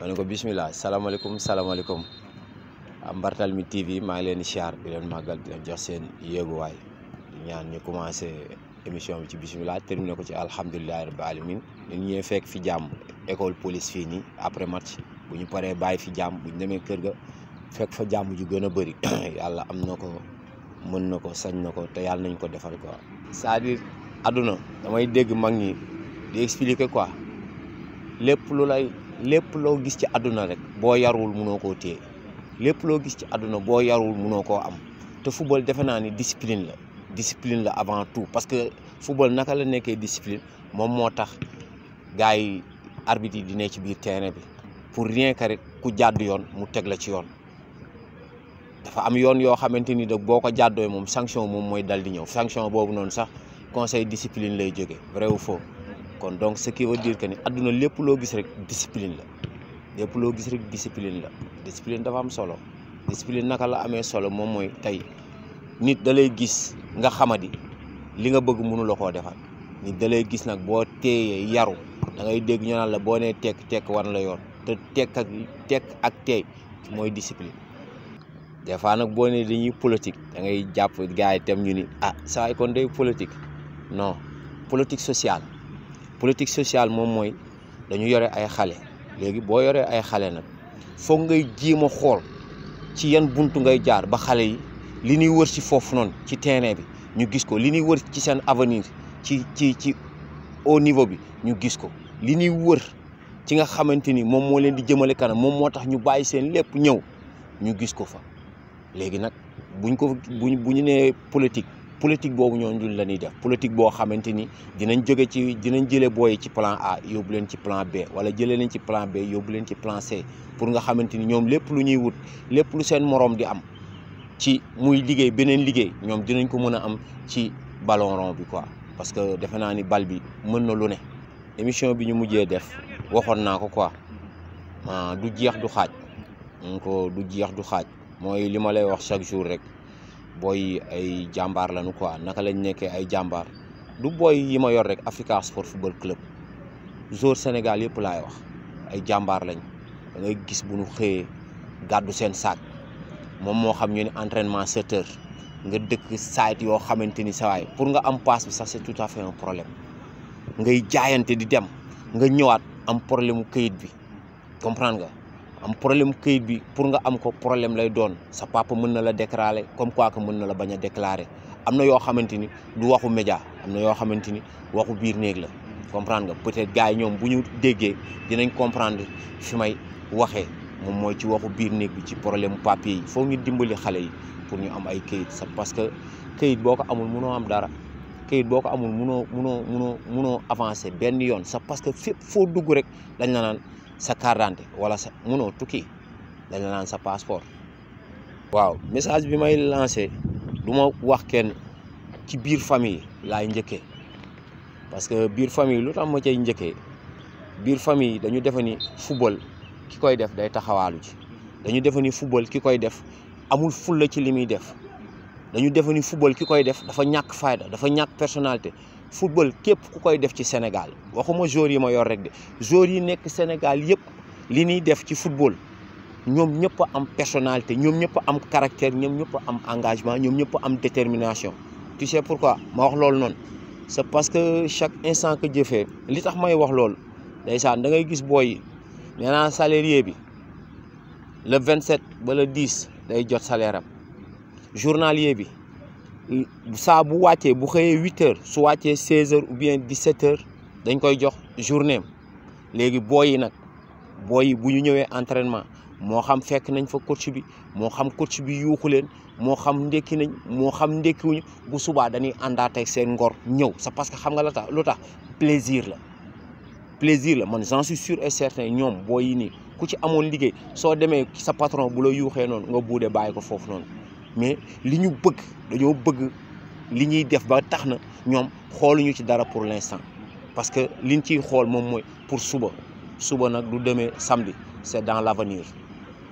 ma ne ko bisimilah salaamaaleykum salaamaaleykum Mbartalmi TV maa ngi leen di siyaar di leen màggal di leen jox seen yéeguwaay di ñaan ñu commencé émission bi ci bisimilah terminé ko ci alhamdulilah rabbi alamin ñun ñëwee fekk fi jàmm école police fii nii après match bu ñu paree bàyyi fi jàmm bu ñu demee kër ga fekk fa jàmm ju gën a bëri yàlla am na ko mën na ko sañ na ko te yàlla nañu ko defal quoi. c'est-à-dire àdduna damay dégg mag ñi di expliquer quoi lépp lu lay. lépp loo gis ci àdduna rek boo yarul mënoo koo téye lépp loo gis ci àdduna boo yaruwul mënoo koo am te football defe naa ni discipline la disipline la avant tout parce que football naka la nekkee discipline moom moo tax gars yi arbitre di ne ci biir terrain bi pour rien que rek ku jàdd yoon mu teg la ci yoon dafa am yoon yoo xamante ni nag boo ko jàddoo moom sanction moom mooy dal di ñëw sanction boobu noonu sax conseil disipline lay jóge vrai ou kon donc ce qui veut diir que ni adduna lépp loo gis rek discipline la lépp loo gis rek discipline dafa am solo discipline naka la amee solo moom mooy tey nit da lay gis nga xamadi li nga bëgg mënu la koo defal nit da gis nag boo teeyee yaru da ngay dégg ñu naan la boo nee tekk tekk war la yoon te tekk ak tekk ak teey mooy discipline des fois nag boo ne dañuy politique da ngay jàpp gars yi itam ñu ni ah saa kon day politique non politique sociale politique sociale moom mooy dañu yore ay xale léegi boo yoree ay xale nag foog ngay jéem a xool ci yan bunt ngay jaar ba xale yi li ñuy wër ci foofu noonu ci terrain bi ñu gis ko li ñuy wër ci seen avenir ci ci ci au niveau bi ñu gis ko li ñuy wër ci nga xamante ni moom moo leen di jëmale kanam moom moo tax ñu bàyyi seen lépp ñëw ñu gis ko fa léegi nag buñ ko buñ bu nee politique politique boobu ñoo ñun la ñuy def politique boo xamante ni dinañ joge ci dinañ jëlee booy ci plan A yóbbu leen ci plan B wala jëlee nañ ci plan B yóbbuleen ci plan C pour nga xamante ni ñoom lépp lu ñuy wut lépp lu seen moroom di am ci muy liggéey beneen liggéey ñoom dinañ ko mën a am ci ballon bi quoi parce que defe naa ni bal bi mën na lu ne émission bi ñu mujjee def waxoon naa ko quoi du jeex du xaaj donc du jeex du xaaj mooy li ma lay wax chaque jour rek booy ay jàmbaar lañu quoi naka lañ nekkee ay jàmbaar du booy yi ma yor rek Africa Sport Football Club joueur Sénégal yëpp laay wax ay jàmbaar lañ da ngay gis bu nu xëyee gàddu seen saak moom moo xam ñu ne entrainement sept heures nga dëkk site yoo xamante ni sawaay pour nga am passe bi sax c'est tout à fait un problème ngay jaayante di dem nga ñëwaat am problème mu këyit bi comprendre nga. am problème këyit bi pour nga am ko problème lay doon sa papa mën na la déclarer comme quoi que mën na la baña déclarer amna yo xamanteni du waxu média amna yo xamanteni waxu bir neeg la comprendre nga peut-être gaay ñom buñu déggé dinañ comprendre fi waxé mom moy ci waxu bir neeg bi ci problème papier yi foog ñu dimbali xalé yi pour ñu am ay këyit sa parce que këyit boko amul mënoo am dara këyit boko amul mënoo mënoo mënoo mënoo avancer ben yoon sa parce que fépp foo dugg rek dañ la naan sa carte wala sa munoo tukki dañ la naan sa passeport. waaw message bi may lancé du ma wax kenn ci biir famille laay njëkkee parce que biir famille lu tax ma cay njëkkee biir famille dañu defe ni ki koy def day taxawaalu ci dañu defe ni football ki koy def amul fulla ci li muy def dañu defe ni football ki koy def dafa ñàkk fayda dafa ñàkk personnalité. football képp ku koy def ci Sénégal waxuma joueurs yi ma yor rek de joueurs yi nekk Sénégal yëpp li ñuy def ci football ñoom ñëpp am personnalité ñoom ñëpp am caractère ñoom ñëpp am engagement ñoom ñëpp am détermination. tu sais pourquoi ma wax loolu noonu c'est parce que chaque instant que jëfee li tax may wax loolu ndeysaan da ngay gis boy yi nee naa salarié bi le 27 ba le 10 day jot salaire am journalier bi ça bu wàccee bu xeyé huit heures su 16 seize heures ou bien 17 h heures dañ koy jox journée légui boy yi nak boy yi bu ñu entraînement mo xam fekk nañ fa coach bi mo xam coach bi yuuxu leen mo xam ndékki nañ mo xam wuñu bu subaa dañuy àndaatee seen ngor ñëw c'est parce que xam nga la tax plaisir la plaisir la man j'en suis sûr et certain ñom boy yi ni ku ci amone liggéey so démé sa patron bu la yuuxee non nga buude bàyyi ko foofu mais li ñu bëgg dañoo bëgg li ñuy def ba tax na ñoom xooluñu ci dara pour l'instant parce que liñ ciy xool moom mooy pour suba suba nag du demee samedi c'est dans l'avenir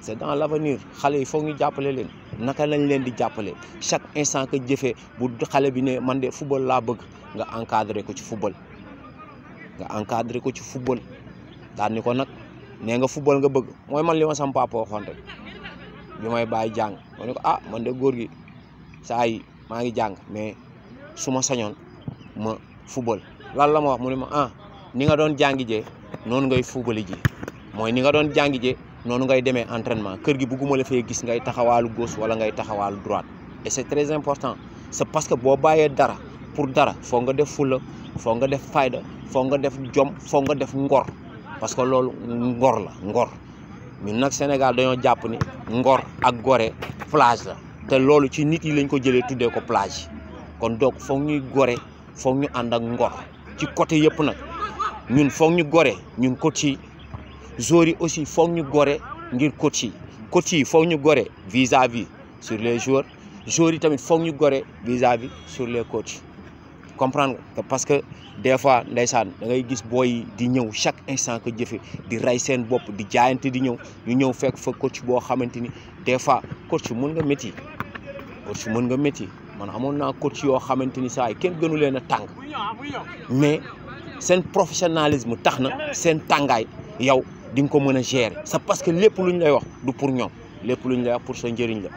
c'est dans l'avenir xale yi foog ñu jàppale leen naka lañ leen di jàppale chaque instant que jëfee bu xale bi ne man de football laa bëgg nga encadré ko ci football nga encadré ko ci football daan ko nag nee nga football nga bëgg mooy man li ma sampaapo papa bi may bay jang ah, ma ko ah man de gor gui say ma ngi jang mais suma ma ma football lan la ma wax mu ma ah ni nga don jangi je non ngay footballi ji moy ni nga don jangi je non ngay demee entraînement kër gui buguma la fay gis ngay taxawaalu gauche wala ngay taxawaalu droite et c'est très important c'est parce que bo baye dara pour dara fo nga def fula fo nga def fayda fo nga def jom fo nga def ngor parce que loolu ngor la ngor ñun nag Sénégal dañoo jàpp ni Ngor ak Gorée plage la te loolu ci nit yi lañ ko jëlee tuddee ko plage kon donc foog ñuy Gorée foog ñu ànd ak Ngor ci côté yëpp nag ñun foog ñu Gorée ñun côte yi joueurs yi aussi foog ñu Gorée ngir côte yi côte foog ñu Gorée vis-à-vis sur les joueurs joueurs yi tamit foog ñu Gorée vis-à-vis sur les côtes comprendre parce que des fois ndeysaan da ngay gis boy di ñew chaque instant que jëfé di rey seen bopp di jaayante di ñew ñu ñew fekk fa coach bo xamanteni des fois coach mën nga metti coach mën nga metti man amon na coach yo xamanteni ni ay yi kenn gënu leena tang mais sen professionnalisme taxna sen tangay yow di nga ko mëna gérer ça parce que lepp luñ lay wax du pour ñom lepp luñ lay wax pour sa njëriñ la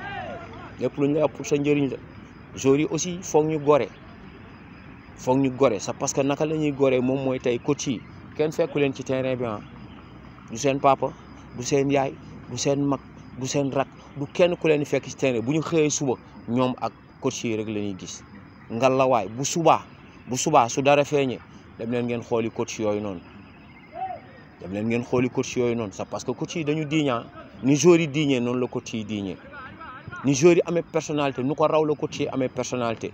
lepp luñ lay wax pour sa njëriñ la jori aussi fokk ñu gore foog ñu gore sa parce que naka la ñuy goree moom mooy tey coach yi kenn fekku leen ci terrain bi ah du seen papa du seen yaay du seen mag du seen rak du kenn ku leen fekk ci terrain bu ñu xëyee suba ñoom ak coach yi rek la ñuy gis ngalawaay bu subaa bu subaa su dara feeñee dem leen ngeen xooli coach yooyu noonu dem leen ngeen xooli coach yooyu noonu sa parce que coach yi dañu diiñaa ni joueurs yi diiñee noonu la coach yi diiñee nu joueurs yi amee personnalité nu ko raw la coach yi amee personnalité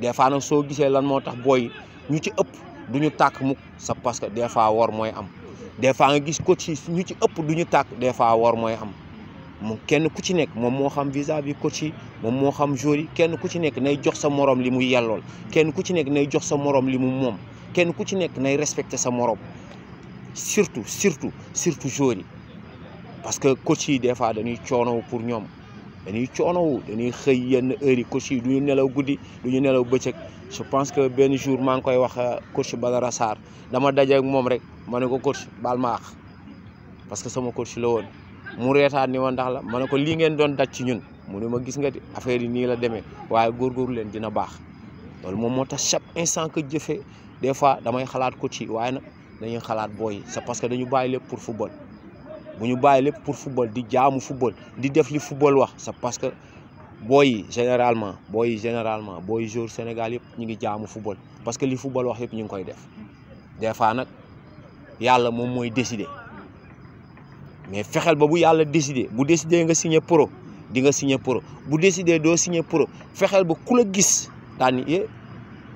des fois nag soo gisee lan moo tax booy ñu ci ëpp du ñu tàkk mukk sa parce que des fois war mooy am des fois nga gis coach yi ñu ci ëpp du ñu tàkk des fois war mooy am mu kenn ku ci nekk moom moo xam vis-à-vis coach moom moo xam joueur yi kenn ku ci nekk nay jox sa moroom li mu yellool kenn ku ci nekk nay jox sa moroom li mu moom kenn ku ci nekk nay respecté sa morom surtout surtout surtout joueur yi parce que coach yi des fois dañuy coonow pour ñoom dañuy coonowu dañuy xëy yenn heures yi coach yi du ñu nelaw guddi du ñu nelaw bëccëg je pense que benn jour maa ngi koy wax euh, coach bala Sarr dama daje ak moom rek ma ne ko coach baal ma parce que sama coach la woon mu reetaan ni ma ndax la ma ne ko lii ngeen doon daj ci ñun mu ne ma gis nga affaire yi nii la demee waaye góorgóorlu leen dina baax loolu moom moo tax chaque instant que jëfee des fois damay xalaat coach yi waaye na dañuy xalaat booy c'est parce que dañu bàyyi lépp pour football. bu ñu bàyyi lépp pour football di jaamu football di def li football wax c'est parce que boy, généralement boy, généralement boy jour Sénégal yëpp ñi ngi jaamu football parce que li football wax yëpp ñi ngi koy def des fois nak yalla mom moy décider mais fexeel ba bu yalla décider bu décider nga signer pro di nga signer pro bu décider do signer pro fexeel ba kula gis daan ye eh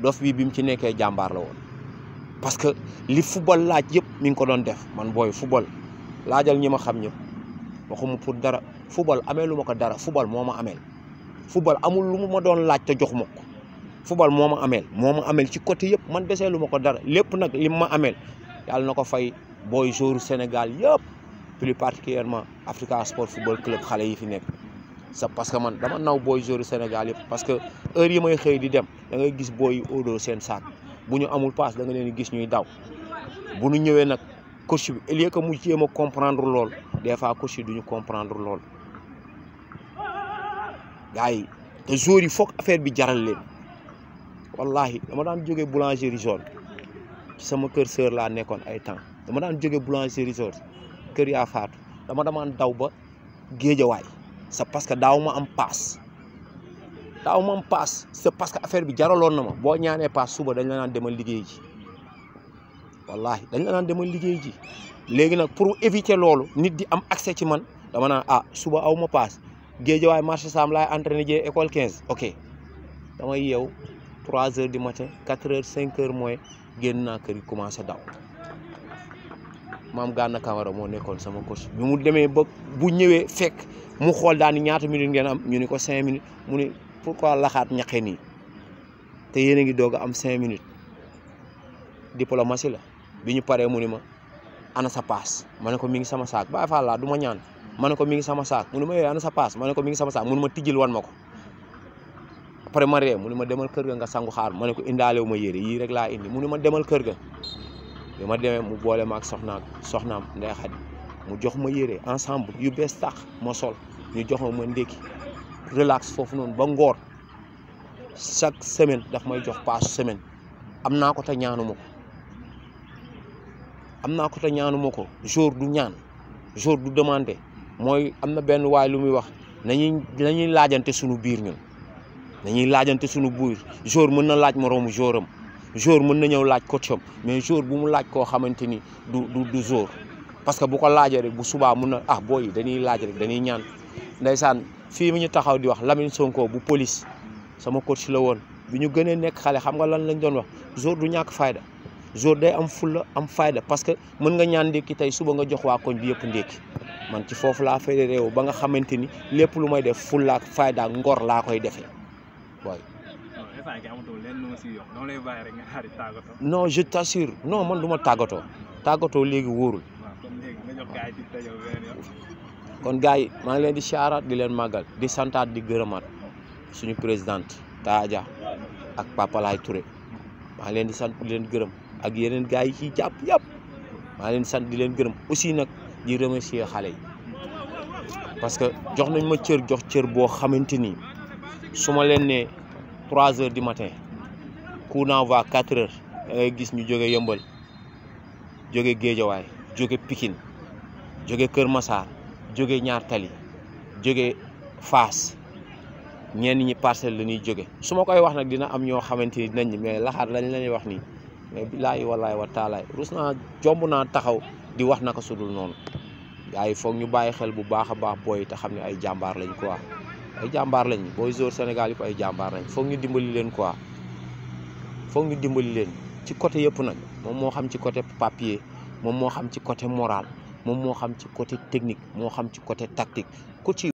dof bi bi ci nekkee jambar la won parce que li football laaj yëpp mi ngi ko doon def man boy football. laajal ñi ma xam ñëpp waxuma pour dara football amee lu ma ko dara football moo ma ameel football amul lu mu ma doon laaj te jox ma ko football moo ma ameel moo ma ameel ci côté yëpp man desee lu ma ko dara lépp nag li ma ameel yàlla na ko fay booy joueur Sénégal yëpp plus particulièrement Africa Sport Football Club xale yi fi nekk sa parce que man dama naw booy joueur Sénégal yëpp parce que heure yi may xëy di dem dangay gis booy yi seen saak bu ñu amul paas da nga leen di gis ñuy daw ñëwee nag coach bi au que mu jéem a comprendre lool des fois coach yi duñu comprendre lool gars yi te jour yi foog affaire bi jaral leen wallahi dama daan jóge boulangerie zone sama kër sœur laa nekkoon ay temps dama daan jóge boulangerie zone kër yaa faatu dama damaan daw ba géejawaay c'est parce que daaw ma am paas daaw ma am paas c'est parce que affaire bi jaraloon na ma boo ñaanee paas suba dañ la naan demal liggéey ji wallahi dañ la nane demal liggey ji legui nak pour éviter lolu nit di am accès ci man dama naan ah suba aw ma paas way marché sam lay entraîner jee école 15 ok dama yew 3 h du matin 4 h 5 h moy genn na keur commencé daw mam Gana Camara mo nekkoon sama coach bi mu démé ba bu ñëwé fekk mu xol daani ñaata minute ngeen am ñu ni ko 5 minutes mu ni pourquoi la ñaqe ñaxé ni té yéne ngi doga am 5 minutes diplomatie la biñu paré paree ma ana sa pass ma ko mi ngi sama sac ba fa la duma ñaan mi ngi sama sac mu ma eh, ana sa pass mi ngi sama sac mu ma wan mako paré ma ree ma demal kër ga nga sangu xaar ma ko indaale wu rek la indi mu ma demal kër ga bi démé mu bolé ma ak soxnaam soxnaam ndey mu jox ma yéré ensemble yu tax mo sol ñu jox ma relax fofu non ba ngor chaque semaine daf may jox pass semaine amna ko ta am naa ko te ñaanuma ko jour du ñaan jour du demande mooy am na benn waay lu muy wax nañuy nañuy laajante suñu biir ñun nañuy laajante suñu biir jour mën na laaj moroomu jouram jour mën na ñëw laaj coacham mais jour bu mu laaj koo xamante ni du du du jour parce que bu ko laajee rek bu subaa mun na ah booy dañuy laaj rek dañuy ñaan ndeysaan fii mu ñu taxaw di wax Lamine Sonko bu police sama coach la woon bu ñu gënee nekk xale xam nga lan lañ doon wax jour du ñàkk fayda jour day am fulla am fayda parce que mën nga ñaan ndékki tey suba nga jox waa koñ bi yëpp ndékki man ci foofu laa fay réew ba nga xamante ni lépp lu may def fulla ak fayda ngor koy non je t'assure non man du ma tàggatoo tàggatoo léegi kon gars yi ngi leen di saaraat di leen màggal di santaat di gërëmaat suñu présidente Taaja ak Papa Laay Touré ma ngi di sant di ak yeneen gars yi ciy jàpp yàpp maa leen sant di leen gërëm aussi nag di remercier xale yi parce que jox nañ ma cër jox cër boo xamante ni su ma leen ne trois heures du matin coup d'envoi quatre heures da gis ñu jóge yëmbal jóge géejawaay jóge pikin jóge kër masaar jóge ñaartali jóge faas ñenn ñi parcelle la ñuy jóge su ma koy wax nag dina am ñoo xamante ni dinañ mais laxaar lañ la ñuy wax nii mais billaahi wallaahi wa taalaay rus naa jomb naa taxaw di wax naka sudul noonu gars yi foog ñu bàyyi xel bu baax a baax booy te xam ne ay jàmbaar lañ quoi ay jàmbaar lañ booy jour Sénégal yëpp ay jàmbaar lañ foog ñu dimbali leen quoi foog ñu dimbali leen ci côté yëpp nag moom moo xam ci côté papier moom moo xam ci côté moral moom moo xam ci côté technique moo xam ci côté tactique ku ci